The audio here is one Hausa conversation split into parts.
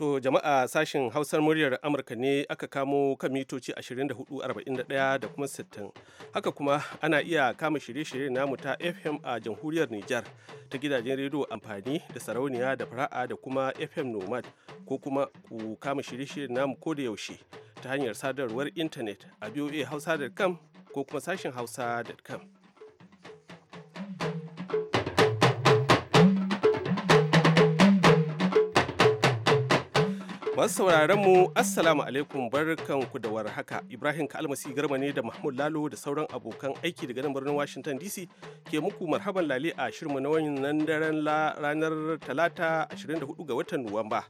To jama'a sashen hausar muryar Amurka ne aka kamo kan mitoci 24,41 da kuma 60. Haka kuma ana iya kama shirye-shirye namu ta FM a jamhuriyar Nijar ta gidajen rediyo amfani da sarauniya da fara'a da kuma FM Nomad ko kuma ku kama shirye-shirye namu ko da yaushe ta hanyar sadarwar intanet a hausa.com ko kuma sashen hausa.com. Masu sauraron mu Assalamu alaikum barkanku da warhaka. Ibrahim Kalmasi Garba ne da Mahmud Lalo da sauran abokan aiki daga nan birnin Washington DC ke muku marhaban lale a shirmu na wannan daren ranar Talata 24 ga watan Nuwamba.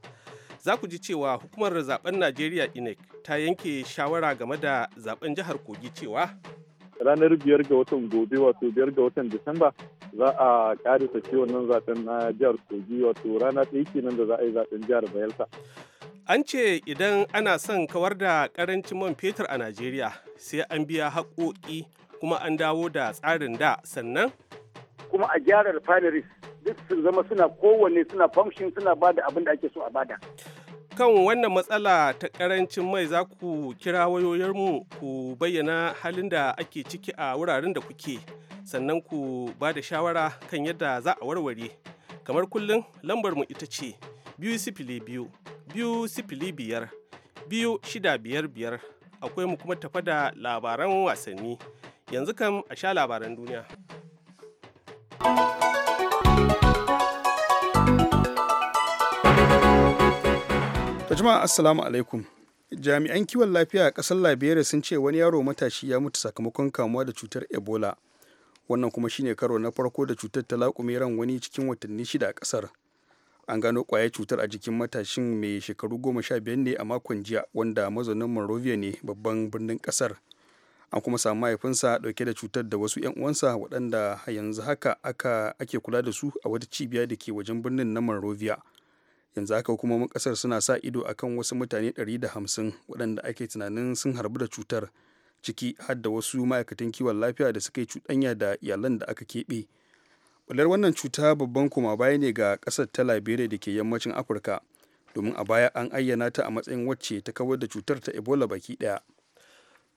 Za ku ji cewa hukumar zaben Najeriya INEC ta yanke shawara game da zaben jihar Kogi cewa ranar biyar ga watan gobe wato biyar ga watan Disamba za a ƙarisa ciwon nan zaben na jihar Kogi wato rana ɗaya kenan da za a yi zaben jihar Bayelsa. An ce idan ana son kawar da karancin man fetur a Najeriya sai an biya haƙoƙi kuma an dawo da tsarin da sannan? Kuma a gyara refineries duk sun zama suna kowanne suna function suna bada abin da ake so a bada. Kan wannan matsala ta ƙarancin mai za ku kira wayoyinmu ku bayyana halin da ake ciki a wuraren da kuke sannan ku ba da shawara kan yadda za a warware. Kamar kullum lambar mu ita ce biyu sifili biyu biyu sifili biyar biyu shida biyar biyar akwai mu kuma tafa da labaran wasanni yanzu kan a sha labaran duniya. jama'a assalamu alaikum jami'an kiwon lafiya a ƙasar liberia sun ce wani yaro matashi ya mutu sakamakon kamuwa da cutar ebola wannan kuma shine karo na farko da cutar ta laƙume ran wani cikin watanni shida a ƙasar an gano kwayar cutar a jikin matashin mai shekaru goma sha biyar ne a makon jiya wanda mazaunin monrovia ne babban birnin kasar an kuma samu mahaifinsa dauke da cutar da wasu 'yan uwansa waɗanda yanzu haka aka ake kula da su a wata cibiya da ke wajen birnin na monrovia yanzu haka hukumomin kasar suna sa ido akan wasu mutane ɗari da hamsin waɗanda ake tunanin sun harbu da cutar ciki har da wasu ma'aikatan kiwon lafiya da suka yi cuɗanya da iyalan da aka keɓe bular wannan cuta babban kuma baya ne ga ƙasar ta liberia da ke yammacin afirka domin a baya an ayyana ta a matsayin wacce ta kawar da cutar ta ebola baki ɗaya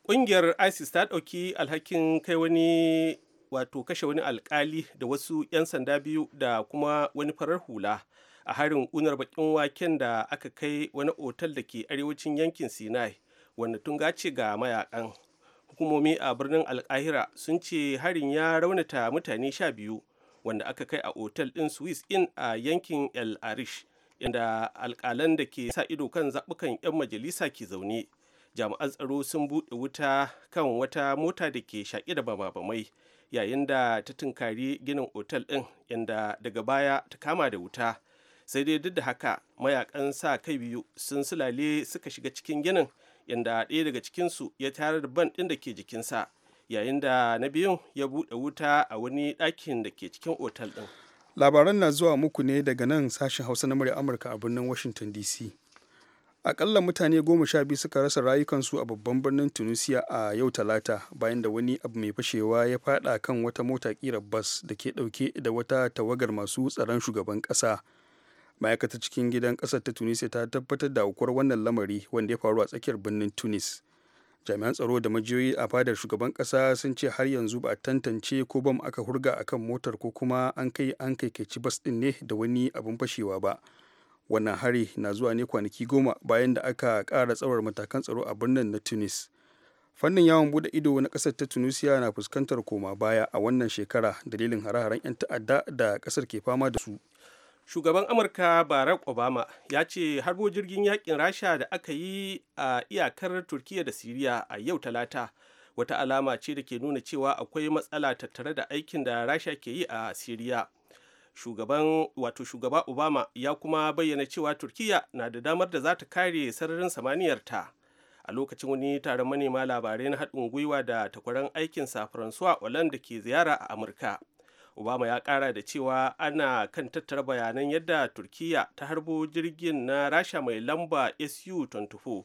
ƙungiyar isis ta ɗauki alhakin kai wani wato kashe wani alkali da wasu 'yan sanda biyu da kuma wani farar hula a harin unar bakin waken da aka kai wani otal da ke arewacin yankin sinai wanda tun gace ga mayakan hukumomi a birnin alkahira sun ce harin ya raunata mutane sha biyu wanda aka kai a otal din swiss in a yankin el arish inda alkalan da ke sa ido kan zaɓukan 'yan majalisa ke zaune jami'an tsaro sun buɗe wuta kan wata mota da ke shaƙi da bama yayin da ta tunkari ginin otal ɗin inda daga baya ta kama da wuta sai dai duk da haka mayakan sa kai biyu sun sulale suka shiga cikin ginin inda ɗaya daga cikinsu ya tayar da ban ɗin da ke jikinsa yayin da na biyun ya buɗe wuta a wani ɗakin da ke cikin otal ɗin labaran na zuwa muku ne daga nan sashen hausa na murya amurka a birnin washington dc akalla mutane goma sha biyu suka rasa rayukansu a babban birnin tunisia a yau talata bayan da wani abu mai fashewa ya faɗa kan wata mota kira bas da ke ɗauke da wata tawagar masu tsaron shugaban ƙasa ma'aikata cikin gidan ƙasar ta tunisia ta tabbatar da aukuwar wannan lamari wanda ya faru a tsakiyar birnin tunis jami'an tsaro da majiyoyi a fadar shugaban kasa sun ce har yanzu ba a tantance ko bam aka hurga akan motar ko kuma an kai an kaikaici bas din ne da wani abin fashewa ba wannan hari na zuwa ne kwanaki goma bayan da aka ƙara tsawar matakan tsaro a birnin na tunis fannin yawon bude ido na ƙasar ta tunisia na fuskantar koma baya a wannan shekara dalilin hare-haren 'yan ta'adda da ƙasar ke fama da su shugaban amurka barack obama ya ce harbo jirgin yakin rasha da aka yi a iyakar turkiya da siriya a yau talata wata alama ce da ke nuna cewa akwai matsala tattare da aikin da rasha ke yi a siriya shugaban wato shugaba obama ya kuma bayyana cewa turkiya na da damar da za ta kare sararin samaniyarta a lokacin wani taron manema labarai na haɗin gwiwa da takwaran aikinsa francois Hollande da ke ziyara a amurka obama ya kara da cewa ana kan tattara bayanan yadda turkiya ta harbo jirgin na rasha mai lamba su 24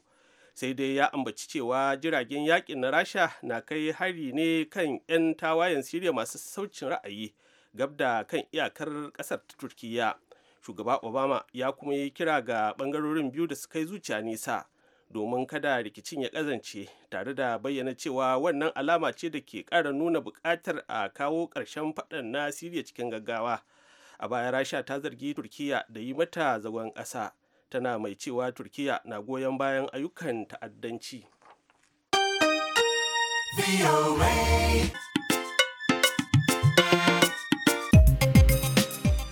sai dai ya ambaci cewa jiragen yakin na rasha na kai hari ne kan 'yan tawayen siriya masu saucin ra'ayi gab da kan iyakar kasar ta turkiya shugaba obama ya kuma yi kira ga bangarorin biyu da su kai zuciya nisa domin kada rikicin ya kazance tare da bayyana cewa wannan alama ce da ke kara nuna bukatar a kawo ƙarshen faɗan na siriya cikin gaggawa a baya rasha ta zargi turkiya da yi mata zagon ƙasa tana mai cewa turkiya na goyon bayan ayyukan ta'addanci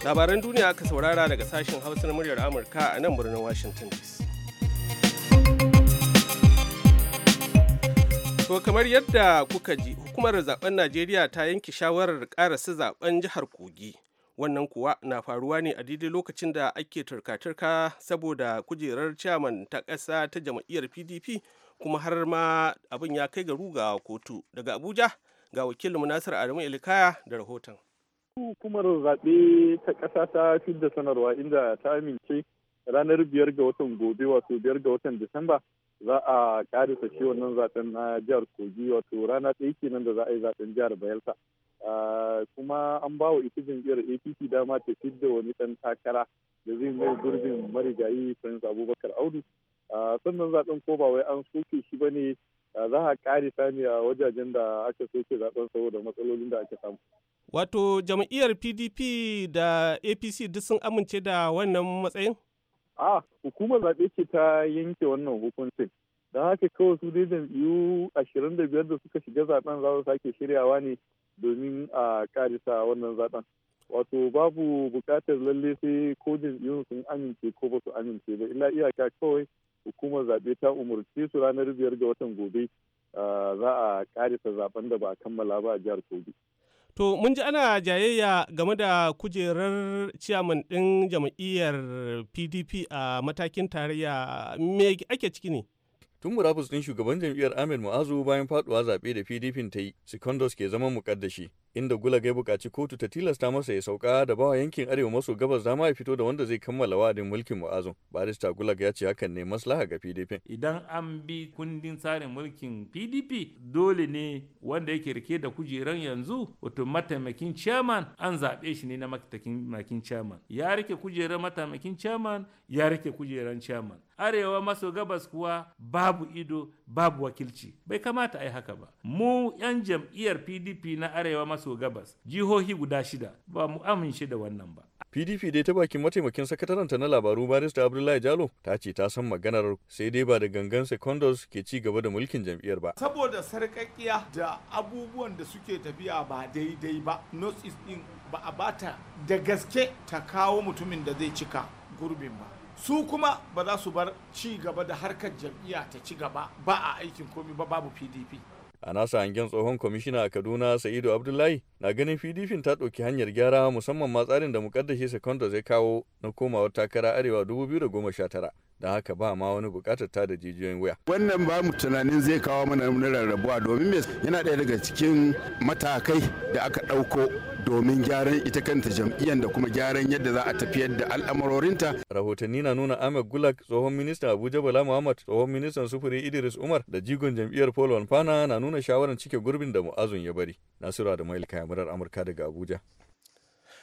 labaran duniya aka saurara daga sashen hausa na muryar amurka a nan birnin washington dc To kamar yadda kuka ji hukumar zaben Najeriya ta yanke shawarar ƙara karasa zaben jihar Kogi. Wannan kuwa na faruwa ne a daidai lokacin da ake turka-turka saboda kujerar ciyaman ta ƙasa ta jam'iyyar PDP kuma har ma abin ya kai ga ruga kotu. Daga Abuja ga wakilin Nasir Adamu Ilkaya da rahoton. Hukumar zaɓe ta ƙasa ta fidda sanarwa inda ta amince ranar biyar ga watan gobe wato biyar ga watan Disamba za a karisa shi wannan zaben na jihar kogi wato rana ɗaya kenan da za a yi zaben jihar bayelsa kuma an ba wa ita jam'iyyar apc dama ta fidda wani ɗan takara da zai mai gurbin marigayi prince abubakar audu sannan zaben ko ba wai an soke shi ba ne za a kare ne a wajajen da aka soke zaben saboda matsalolin da aka samu wato jam'iyyar pdp da apc duk sun amince da wannan matsayin a hukumar zaɓe ce ta yanke wannan hukuncin don haka kawai su dai jam'iyyu ashirin da biyar da suka shiga zaɓen za su sake shiryawa ne domin a karisa wannan zaɓen wato babu buƙatar lalle sai ko jam'iyyun sun amince ko ba su amince ba illa iyaka kawai hukumar zaɓe ta umarce su ranar biyar ga watan gobe za a karisa zaɓen da ba a kammala ba a jihar kogi To mun ji ana jayayya game da kujerar ciyaman ɗin jam'iyyar PDP a matakin tarayya me ake ciki ne? Tun murabus ɗin shugaban jam'iyyar Ahmed Mu'azu bayan faduwa zaɓe da PDP ta yi, Secondus ke zama mukaddashi. inda Gulag ya bukaci kotu ta tilasta masa ya sauka da bawa yankin arewa maso gabas dama ya fito da wanda zai kammala wa'adin mulkin mu'azu Barista Gulag ya ce hakan ne maslaha ga PDP. Idan an bi kundin tsarin mulkin PDP dole ne wanda yake rike da kujeran yanzu wato mataimakin chairman an zaɓe shi ne na mataimakin chairman. Ya rike kujerar mataimakin chairman ya rike kujerar chairman. Arewa maso gabas kuwa babu ido babu wakilci bai kamata a yi haka ba mu 'yan jam'iyyar pdp na arewa maso gabas jihohi guda shida ba mu amince da wannan ba pdp dai ta bakin mataimakin sakataranta na labaru barista abdullahi jalo ta ce ta san maganar sai dai ba da gangan secondos ke ci gaba da mulkin jam'iyyar ba saboda sarƙaƙiya da abubuwan da suke tafiya ba daidai ba north east din ba a bata da gaske ta kawo mutumin da zai cika gurbin ba su kuma ba za su bar ci gaba da harkar jam'iyya ta ci gaba ba a aikin komi ba babu pdp a nasa hangen tsohon kwamishina a kaduna sa'idu abdullahi na ganin pdp ta ɗauki hanyar gyara musamman ma tsarin da mukaddashi sekondo zai kawo na komawar takara arewa 2019 da haka ba ma wani bukatar ta da jijiyoyin waya. Wannan ba mu tunanin zai kawo mana rarrabuwa domin yana ɗaya daga cikin matakai da aka ɗauko domin gyaran ita kanta jam'iyyar da kuma gyaran yadda za a tafiyar da al'amarorinta. Rahotanni na nuna Ahmed Gulak tsohon minista Abuja Bala Muhammad tsohon ministan sufuri Idris Umar da jigon jam'iyyar Paul wanfana na nuna shawarar cike gurbin da Mu'azun ya bari. Nasiru da Mail Kayamarar Amurka daga Abuja.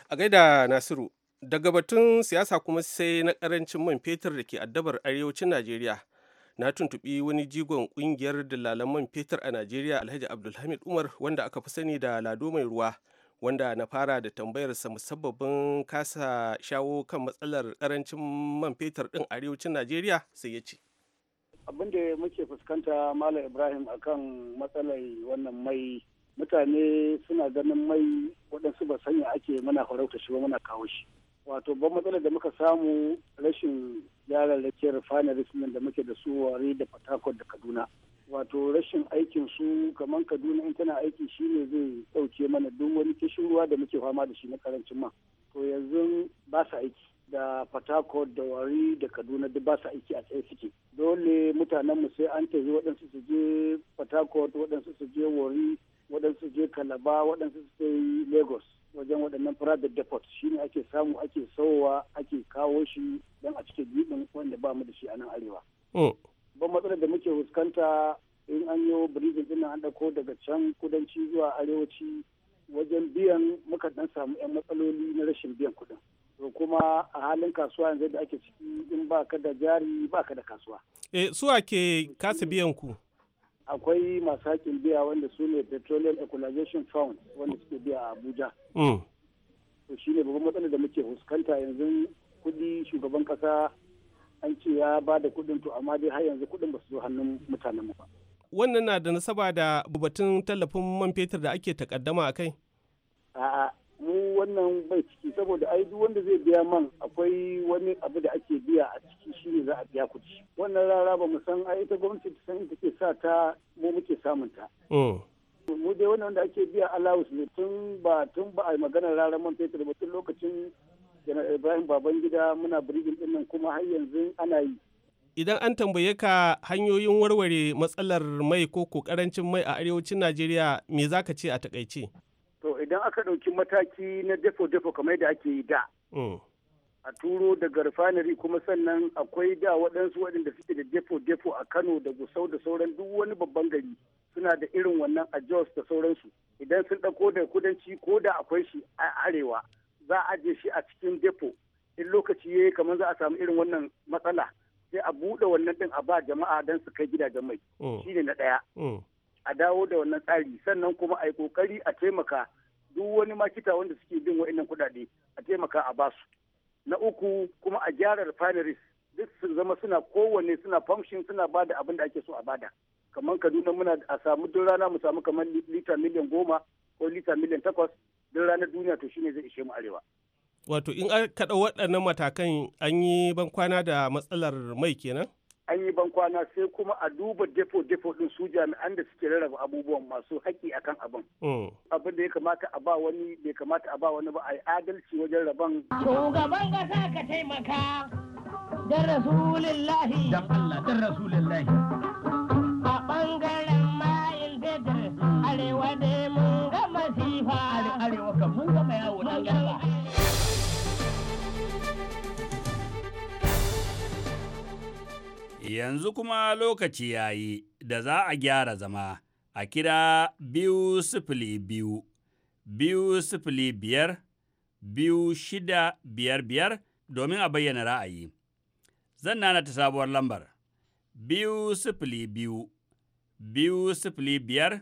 A gaida Nasiru, daga batun siyasa kuma sai na karancin man fetur da ke addabar arewacin najeriya na tuntubi wani jigon ƙungiyar dalalan man fetur a najeriya alhaji abdulhamid umar wanda aka fi sani da lado mai ruwa wanda na fara da tambayarsa musabbabin kasa shawo kan matsalar karancin man fetur din arewacin najeriya sai ya ce abin da muke fuskanta malam ibrahim akan matsalar wannan mai mutane suna ganin mai waɗansu ba sanya ake muna farauta shi ba muna kawo shi wato ban matsalar da muka samu rashin yararrakin refineries nan da muke da su wari da fatakot da kaduna wato rashin aikin su kamar kaduna in tana aiki shine zai dauke mana duk wani kishin ruwa da muke fama da shi na karancin ma to yanzu ba su aiki da fatakot da wari da kaduna duk ba su aiki a tsaye suke dole mutanenmu sai an tafi waɗansu su je fatakot waɗansu su je wari waɗansu je kalaba waɗansu su sai lagos wajen waɗannan private depot shi ne ake samu ake sauwa ake kawo shi don a cike biɗin wanda ba mu da shi a nan arewa. Oh. Ban matsalar da muke fuskanta in an yi birijin ɗin an ɗauko daga can kudanci zuwa arewaci wajen biyan muka dan samu 'yan matsaloli na rashin biyan kuɗin. To kuma a halin kasuwa yanzu da ake ciki in ba ka da jari ba ka da kasuwa. Eh suwa ke kasa biyan ku? akwai masu haƙin biya wanda su ne petroleum equalization fund wanda suke biya a abuja mm. to shi ne babban matsalar da muke fuskanta yanzu kudi shugaban kasa an ce ya ba da kudin to amma dai har yanzu kudin ba su zo hannun mutanen ba wannan na da nasaba da batun tallafin man fetur da ake takaddama a kai a'a mu wannan bai ciki saboda ai duk wanda zai biya man akwai wani abu da ake biya a ciki shine za a biya kuɗi wannan rara ba mu san ai ita gwamnati ta san take sa ta mu muke samun ta mm. mu dai wannan wanda ake biya allowance ne tun ba tun ba a magana rara man fetur ba tun lokacin janar ibrahim babangida muna birgin din nan kuma har yanzu ana yi idan an tambaye ka hanyoyin warware matsalar mai ko karancin mai a arewacin najeriya me zaka ce a takaice idan aka ɗauki mataki na defo-defo kamar da ake yi da mm. a turo daga refinery kuma sannan akwai da waɗansu waɗanda suke da defo-defo a kano da gusau da sauran duk wani babban gari suna da irin wannan a jos da sauransu idan sun ɗauko da kudanci ko da akwai shi a arewa za a je shi a cikin depo in lokaci ya yi kamar za a samu irin wannan matsala sai a buɗe wannan ɗin a ba jama'a don su kai gidajen mai mm. shine na ɗaya mm. a dawo da wannan tsari sannan kuma a yi ƙoƙari a taimaka duk wani makita wanda suke bin wa'annan kuɗaɗe a taimaka a basu na uku kuma a gyara refineries duk su zama suna kowanne suna function suna bada abin da ake so a bada kamar kaduna muna a samu duk rana mu samu kamar lita miliyan goma ko lita miliyan takwas duk ranar duniya to shine zai ishe mu arewa wato in aka ɗau waɗannan matakan an yi bankwana da matsalar mai kenan an yi bankwana sai kuma a duba depo depo din su jami'an da suke rarraba abubuwan masu haƙƙi akan abin mm. abin da ya kamata a ba wani bai kamata a ba wani ba a yi adalci wajen rabon. shugaban kasa ka taimaka dan rasulillahi dan Allah dan rasulillahi yanzu kuma lokaci ya yi da za a gyara zama a kira biyu sifili biyu, biyu sifili biyar, biyu shida biyar biyar domin a bayyana ra'ayi. Zan nana ta sabuwar lambar, biyu sifili biyu, biyu sifili biyar,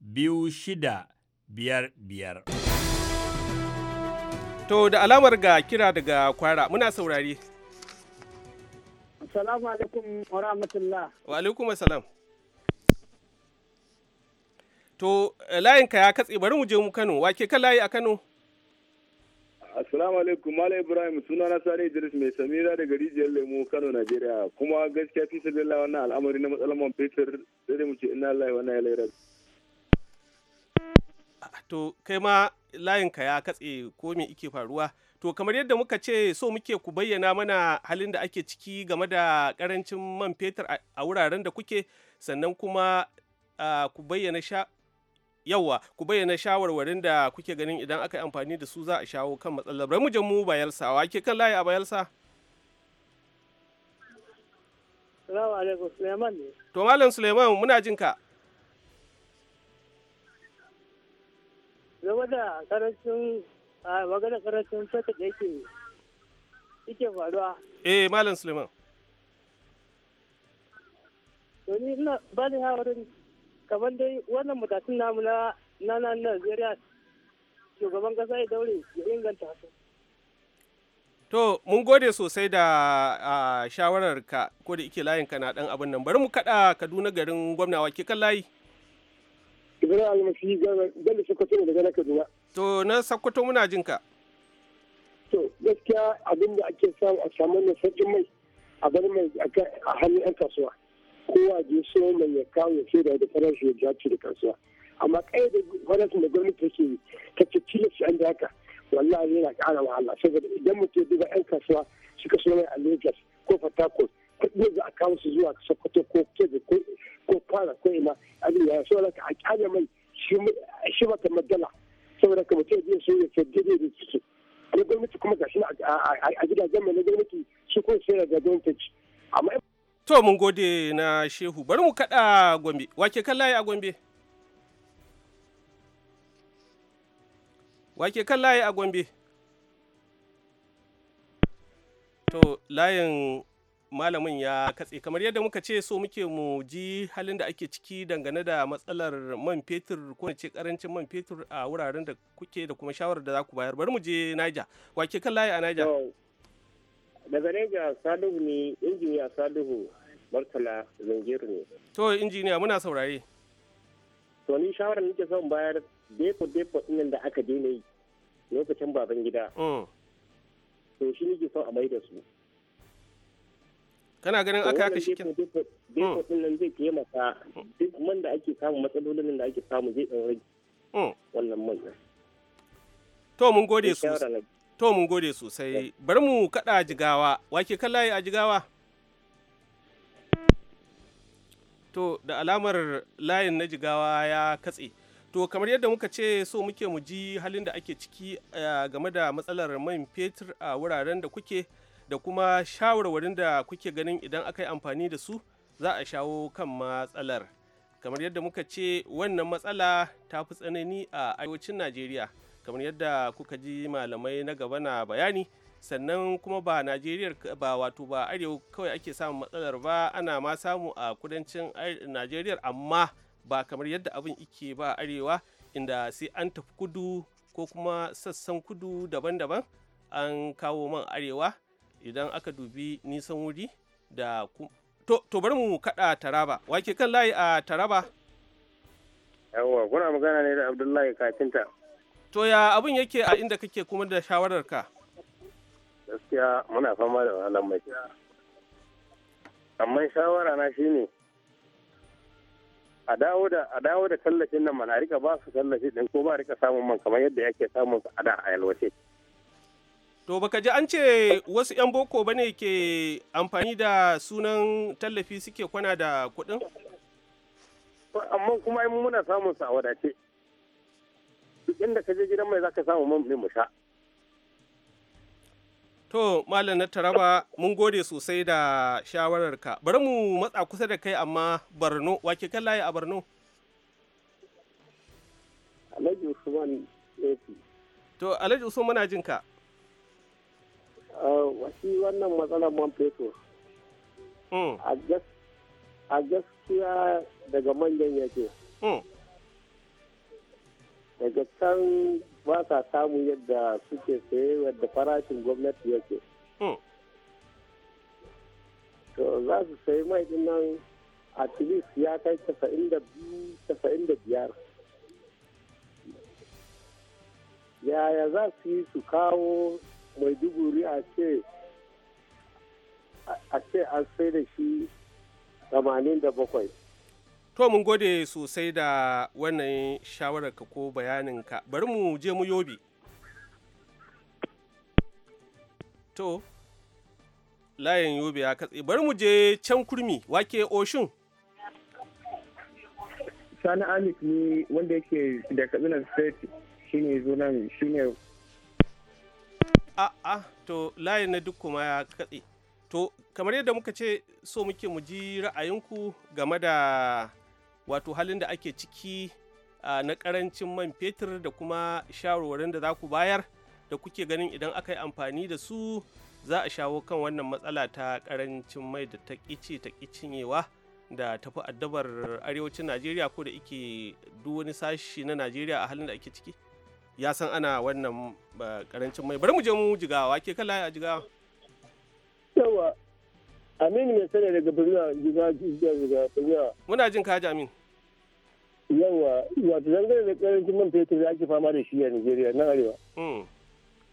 biyu shida biyar biyar. To da alamar ga kira daga kwara muna saurari. Salamu alaikum wa rahmatullah. Wa alaikum salam. To eh, layinka ya katse bari mu je mu Kano, wake kan layi a Kano? Assalamu alaikum Malam Ibrahim suna na Sani Idris mai Samira daga rijiyar Lemo Kano Najeriya kuma gaskiya fi sabilla wannan al'amari na matsalar man fetur sai mu ce ina layi wannan ya laira. Ah, to kai ma layin ka ya katse ko me ike faruwa? To kamar yadda muka ce so muke ku bayyana mana halin da ake ciki game da karancin man fetur a wuraren da kuke sannan kuma ku bayyana sha yawa ku bayyana shawarwarin da kuke ganin idan aka yi amfani da su za a shawo kan matsalar bari mu je mu bayelsa wa ke kan layi a bayelsa Salamu alaikum Suleiman ne To malam Suleiman muna jin ka Game da karancin a magana karancin soket da yake yake faruwa eh malam suleiman to ni ina ba ni wurin kamar dai wannan matakin namu na nan na Najeriya shugaban kasa ya daure ya inganta su To, mun gode sosai da shawararka ko da ike layinka na ɗan abin nan. Bari mu kaɗa Kaduna garin gwamnawa ke kan layi. Ibrahim Almasi Bello Sokoto daga na Kaduna. To na sakkwato muna jin ka. To gaskiya abin da ake samu a samu na mai a bar mai a hannun 'yan kasuwa. Kowa je so mai ya kawo ya sai da farashi ya jaci da kasuwa. Amma kai da farashi da gwamnati take yi ta ce tilas an da haka wallahi yana ƙara wahala saboda idan mutum duba 'yan kasuwa suka so mai a Lagos ko Fatakot kuɗi za a kawo su zuwa Sokoto ko Kebbi ko Kwara ko ina abin ya so a kyale mai shi ba kamar madala. saboda ka mutum ya so ya fadde da ciki na gwamnati kuma gashi a gidajen mai na gwamnati shi kuma sai da gwamnati amma to mun gode na shehu bari mu kada gombe wake kan layi a gombe wake kan layi a gombe to layin malamin ya katse kamar yadda muka ce so muke mu ji halin da ake ciki dangane da matsalar man fetur ko ce karancin man fetur a wuraren da kuke da kuma shawarar da za ku bayar bari mu je Niger wake kan layi a Niger daga Niger Salihu ne injiniya Salihu martala Zangiru ne to injiniya muna saurare to ni shawarar nake son bayar depo depo inda da aka daina yi lokacin baban gida mm. to shi nake son a mai da su kana ganin aka aka shi kenan hmm. nan zai taimaka duk man da ake samu matsalolin da ake samu zai dan rage hmm. wannan man to mun gode sosai to mun gode sosai bari mu kada jigawa wake kallaye a jigawa to da alamar layin na jigawa ya katse to kamar yadda muka ce so muke mu ji halin da ake ciki eh, game da matsalar man fetur a wuraren da kuke da kuma shawarwarin da kuke ganin idan aka yi amfani da su za a shawo kan matsalar kamar yadda muka ce wannan matsala ta fi tsanani a arewacin najeriya kamar yadda kuka ji malamai na gaba na bayani sannan kuma ba najeriya ba wato ba arewa kawai ake samun matsalar ba ana ma samu a kudancin najeriya amma ba kamar yadda abin ike ba arewa inda sai an tafi kudu ko kuma sassan kudu daban-daban an kawo man arewa idan aka dubi nisan wuri da to, to bari mu kada taraba wake kan layi a taraba yawwa kuna magana ne da abdullahi kafinta to ya abin yake a inda kake kuma da shawarar ka gaskiya muna fama da wahalar mai amma shawara na shine a dawo da a dawo da tallafin nan mana a rika ba su tallafi din ko ba rika samun man kamar yadda yake samun a da a yalwace To baka ji an ce wasu 'yan boko ba ne ke amfani da sunan tallafi suke kwana da kuɗin? Amma kuma yi muna samun sa wadace. Duk inda ka je gidan mai zaka samu man mu sha. To, Malam na Taraba, mun gode sosai da shawararka. Bari mu matsa kusa da kai amma Barno, wake kan layi a Barno? Alhaji Usman Efi. To, Alhaji Usman muna jin ka. Eh, wasi wannan matsalar man fetur hmm. a gaskiya daga manyan yake hmm. daga can ba sa samu yadda suke saye wadda farashin gwamnati yake hmm. to za su sayi mai nan a ya kai 92-95 yaya za su yi su kawo maiduguri a ce a ce an sai da shi 87 to mun gode sosai da wannan shawararka ko bayaninka bari mu je mu yobi to layin yobe ya katse bari mu je can kurmi wake oshun sani amit ne wanda yake da katsina state shine zo nan shine a'a to layin na duk kuma ya katse to kamar yadda muka ce so muke mu ji ra'ayinku game da wato halin da ake ciki na karancin man fetur da kuma shawarwarin da za ku bayar da kuke ganin idan aka yi amfani da su za a shawo kan wannan matsala ta karancin mai da ta ƙici ta kicinyewa da tafi addabar arewacin najeriya ko da ike duk wani sashi na najeriya a halin da ake ciki ya san ana wannan karancin mai bari mu je mu jigawa ke kala a jigawa yawa aminu mai sani daga jiga jiga jiga birna muna jin kaji amin yawa wato zangare da karancin man fetur da ake fama da shi a nigeria nan arewa hmm.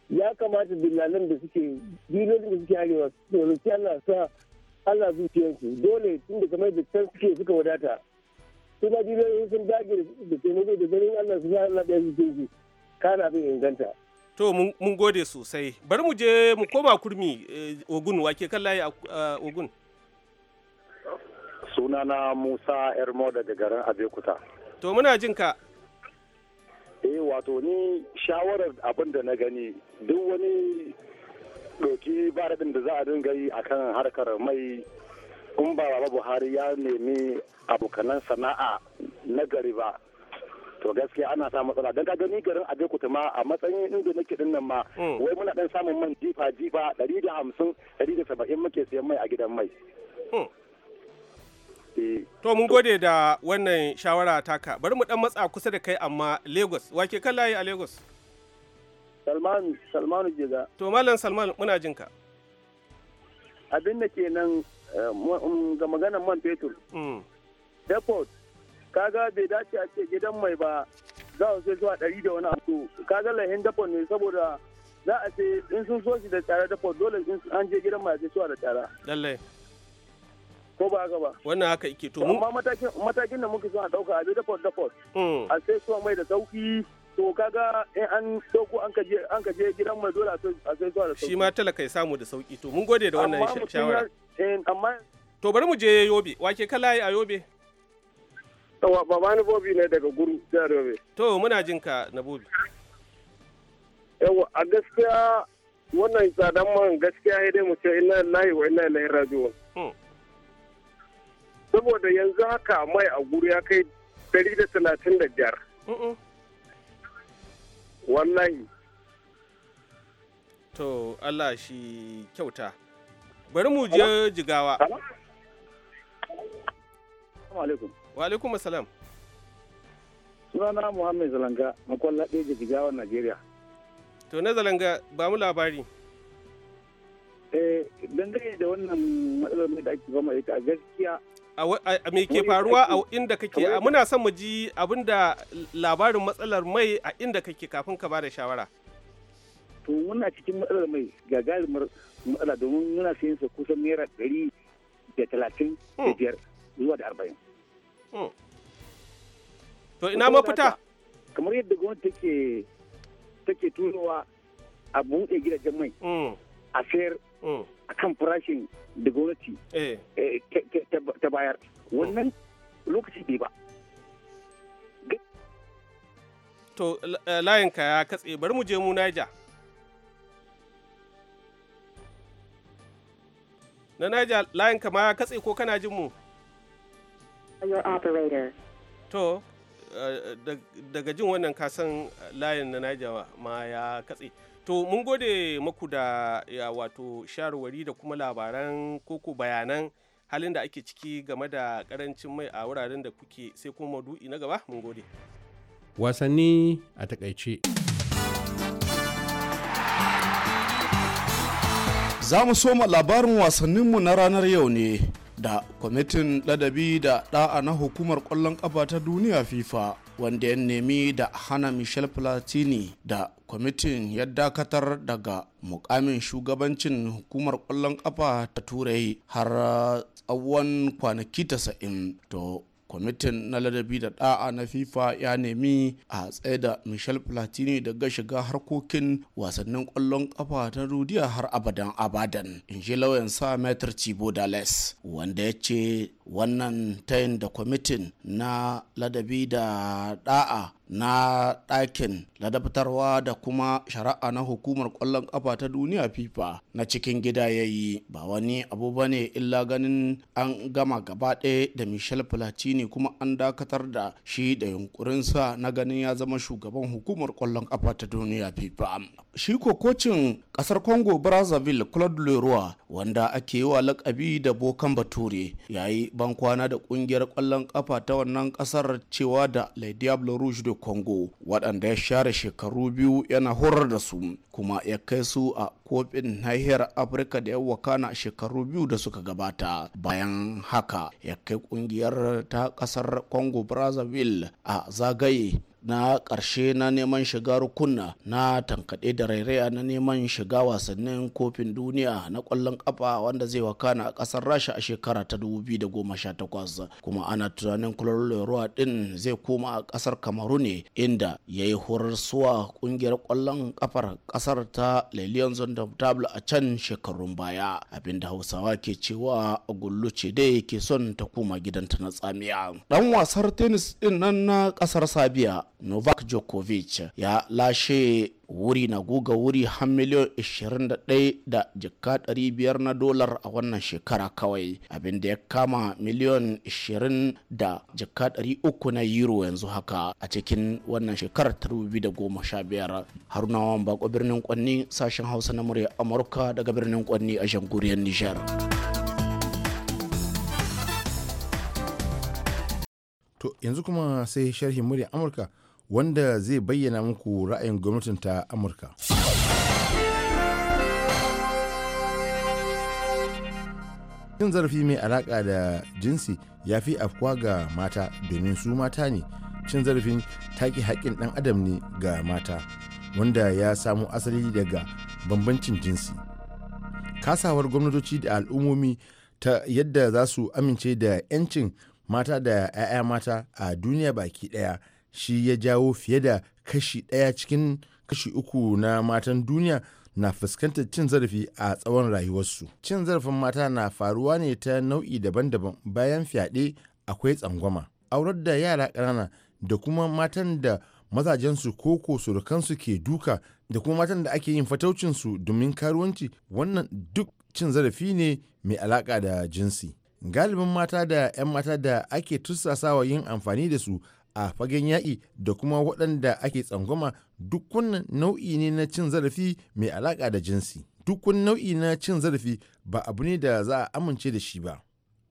ya kamata dillalan da suke dilolin da suke arewa dole roki allah sa allah zuciyarsu dole tun da kamar da can suke suka wadata suna ma sun dage da taimako da ganin allah su sa allah ɗaya zuciyarsu kana bin inganta to mun gode sosai bari mu je mu koma kurmi eh, ogun wake kan layi a ogun sunana musa ermo daga garin abekuta to muna jin ka eh wato ni shawarar abin da na gani duk wani doki barabin da za a dinga yi a kan harkar mai in ba baba buhari ya nemi abokanan sana'a na gari ba to gaskiya ana sa matsala don kaga ni garin Abeokuta ma a matsayin inda nake din nan ma hmm. wai muna dan samun man jifa jifa 150 170 muke siyan mai a gidan mai hmm. eh. To mun gode da wannan shawara taka bari mu dan matsa kusa da kai amma Lagos wake kan layi a Lagos salman salman Jega To Malam Salman muna jin ka Abin da nan eh, ga maganar man fetur hmm. Depot kaga bai dace a ce gidan mai ba za su zuwa ɗari da wani abu kaga lahin dafa ne saboda za a ce in sun so shi da tsara dafa dole in an je gidan mai a zuwa suwa da tsara. Lallai. ko ba haka ba wannan haka ike to amma matakin matakin da muke son a dauka a bi dafot dafot hmm. a sai suwa mai da sauki to kaga in an dauko an kaje an kaje gidan mai dole a sai suwa da sauki shi ma talaka ya samu da sauki to mun gode da wannan shawara eh, amma to bari mu je yobe wake kala a yobe Baba ni Bobi ne daga guru jihar Yobe. To muna jin ka na Bobi. Yawa a gaskiya wannan tsadan man gaskiya ya dai mu ce ina lillahi wa inna ilaihi raji'un. Hmm. Saboda yanzu haka mai a guru ya kai dari da talatin da biyar. Wallahi. To Allah shi kyauta. Bari mu je jigawa. Assalamu alaikum. wa alaikum salam sunana muhammed zalanga makwalla da jigawan najeriya to na zalanga ba mu labari eh dangane da wannan matsalar mai da ake goma ita a gaskiya a me ke faruwa a inda kake a muna son mu ji abin da labarin matsalar mai a inda kake kafin ka ba da shawara to muna cikin matsalar mai gagarumar matsala domin muna sayan sa kusan naira 135 da talatin da hmm. biyar zuwa da arba'in to ina mafita kamar yadda gwamnati take take turowa a buɗe gidajen mai mm. a sayar mm. a kan farashin da gwamnati eh. Eh, ta bayar mm. wannan lokaci bai ba to eh, layinka ya katse bari mu je mu naija na naija layinka ma ya katse ko kana jin mu To, eh, daga jin wannan kasan eh, layin na Niger ma ya katse. To, mun gode maku da wato shawarwari da kuma labaran koko bayanan halin da ake ciki game da karancin mai a wuraren da kuke sai kuma madu'i na gaba mun gode. Wasanni a takaice. Za mu soma labarin wasanninmu na ranar yau ne. da kwamitin ladabi da da'a na hukumar kwallon kafa ta duniya fifa wanda ya nemi da hana michel platini da kwamitin ya dakatar daga mukamin shugabancin hukumar kwallon kafa ta turai har tsawon kwanaki 90 to kwamitin na ladabi da da'a na fifa ya nemi a tsaye da michel platini daga shiga harkokin wasannin kwallon kafa ta rudiya har abadan abadan in ji lauyan sa metr cibo wanda ya ce wannan tayin da kwamitin na ladabi da da'a na ɗakin ladabtarwa da kuma shari'a na hukumar ƙwallon ƙafa ta duniya fifa na cikin gida ya yi ba wani abu ba ne illa ganin an gama gaba ɗaya da michel platini kuma an dakatar da shi da yunkurinsa na ganin ya zama shugaban hukumar ƙwallon ƙafa ta duniya fifa shi kokocin ƙasar congo brazzaville claude leroy wanda ake yi wa lakabi da bokan bature yayi kwana da ƙungiyar ƙwallon ƙafa ta wannan ƙasar cewa da le diablo rouge congo waɗanda ya share shekaru biyu yana horar da su kuma ya kai su a kofin nahiyar afirka da ya wakana shekaru biyu da suka gabata bayan haka ya kai kungiyar ta kasar congo brazzaville a zagaye na ƙarshe na neman shiga rukunna na tankaɗe da rairaya na neman shiga wasannin kofin duniya na ƙwallon ƙafa wanda zai wakana a ƙasar rasha a shekara ta 2018 kuma ana tunanin kulon ruwa ɗin zai koma a ƙasar kamaru ne inda ya yi horar suwa ƙungiyar ƙwallon ƙafar ƙasar ta lelion zondam a can shekarun baya abinda hausawa ke cewa gullu ce dai ke son ta koma gidanta na tsamiya dan wasar tennis ɗin nan na ƙasar sabiya novak djokovic ya lashe wuri na guga wuri har miliyan 21 da jika 500 na dolar a wannan shekara kawai abin da ya kama miliyan 20 da jika 300 na euro yanzu haka a cikin wannan shekarar 2015 haruna wan bako birnin kwanni sashen hausa na murya amurka daga birnin kwanni a jamhuriyar nijar to yanzu kuma sai sharhin murya amurka wanda zai bayyana muku ra'ayin gwamnatin ta amurka cin zarafi mai alaƙa da jinsi ya fi afkuwa ga mata domin su mata ne cin zarafin take haƙƙin ɗan adam ne ga mata wanda ya samo asali daga bambancin jinsi kasawar gwamnatoci da al'ummomi ta yadda za su amince da 'yancin mata da 'ya'ya mata a duniya baki ɗaya shi ya jawo fiye da kashi ɗaya cikin kashi uku na matan duniya na fuskantar cin zarafi a tsawon rayuwarsu. Cin zarafin mata na faruwa ne ta nau'i daban-daban bayan fyaɗe akwai tsangwama. Aurar da yara ƙanana da kuma matan da mazajensu ko ko surukansu ke duka da kuma matan da ake yin fataucinsu domin karuwanci wannan duk cin zarafi ne mai alaƙa da jinsi. Galibin mata da 'yan mata da ake tursasawa yin amfani da su a fagen yaƙi da kuma waɗanda ake tsangwama duk nau'i ne na cin zarafi mai alaƙa da jinsi duk nau'i na cin zarafi ba abu ne da za a amince da shi ba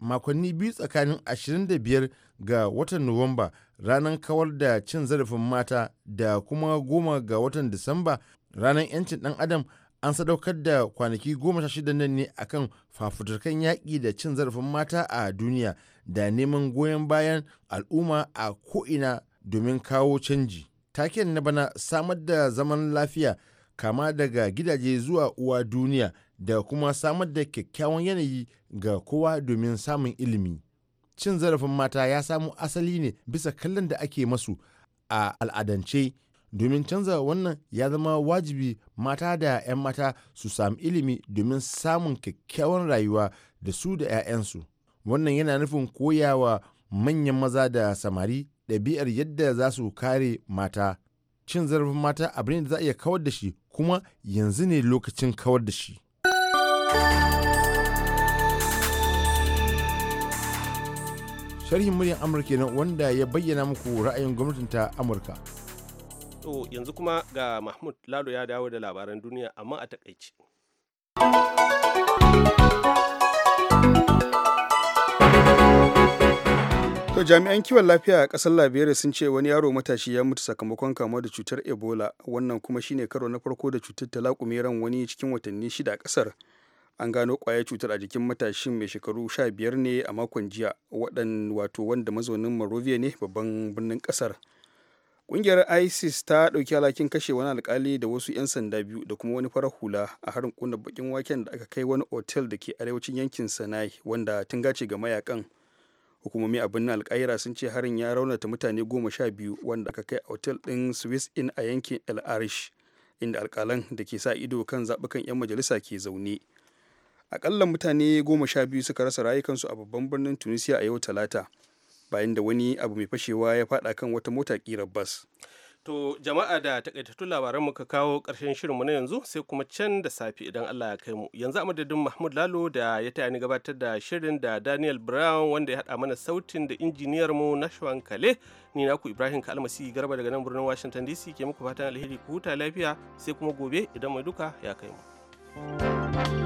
makonni biyu tsakanin 25 ga watan nuwamba ranar kawar da cin zarafin mata da kuma goma ga watan disamba ranar 'yancin ɗan adam an sadaukar da kwanaki goma shida ne akan fafutukan yaƙi da cin zarafin mata a duniya da neman goyon bayan al'umma a ko'ina domin kawo canji. Taken na bana samar da zaman lafiya kama daga gidaje zuwa uwa duniya da kuma samar da kyakkyawan yanayi ga kowa domin samun ilimi. Cin zarafin mata ya samu asali ne bisa kallon da ake masu a al'adance domin canza wannan ya zama wajibi mata da 'yan mata su sami ilimi domin samun kyakkyawan rayuwa da su da 'ya'yansu. wannan yana nufin koyawa manyan maza da samari ɗabi'ar yadda za su kare mata cin zarafin mata abu ne da za a iya kawar da shi kuma yanzu ne lokacin kawar da shi sharhin muryar amurka nan wanda ya bayyana muku ra'ayin gwamnatin ta amurka to yanzu kuma ga mahmud lalo ya dawo da labaran duniya amma a takaici. To jami'an kiwon lafiya a kasar Liberia sun ce wani yaro matashi ya mutu sakamakon kamuwa da cutar Ebola wannan kuma shine karo na farko da cutar ta laƙume ran wani cikin watanni shida a kasar An gano ƙwayar cutar a jikin matashin mai shekaru sha biyar ne a makon jiya waɗan wato wanda mazaunin Monrovia ne babban birnin ƙasar. Ƙungiyar ISIS ta ɗauki alhakin kashe wani alƙali da wasu 'yan sanda biyu da kuma wani farar hula a harin ƙuna bakin waken da aka kai wani otel da ke arewacin yankin Sanai wanda tun gace ga mayakan. hukumomi a birnin alkaira sun ce harin ya raunata mutane goma sha biyu wanda aka kai a otel ɗin swiss in a yankin el arish inda alkalan da ke sa ido kan zaɓukan 'yan majalisa ke zaune akalla mutane goma sha biyu suka rasa rayukansu a babban birnin tunisia a yau talata bayan da wani abu mai fashewa ya faɗa kan wata mota ƙirar bas To jama'a da takaitattu labaran muka kawo ƙarshen shirinmu na yanzu sai kuma can da safe idan Allah ya kai mu. Yanzu a madadin Mahmud Lalo da ya taya ni gabatar da shirin da Daniel Brown wanda ya haɗa mana sautin da injiniyar mu Nashwan Kale ni naku Ibrahim Kalmasi Garba daga nan birnin Washington DC ke muku fatan alheri ku huta lafiya sai kuma gobe idan mai duka ya kai mu. thank you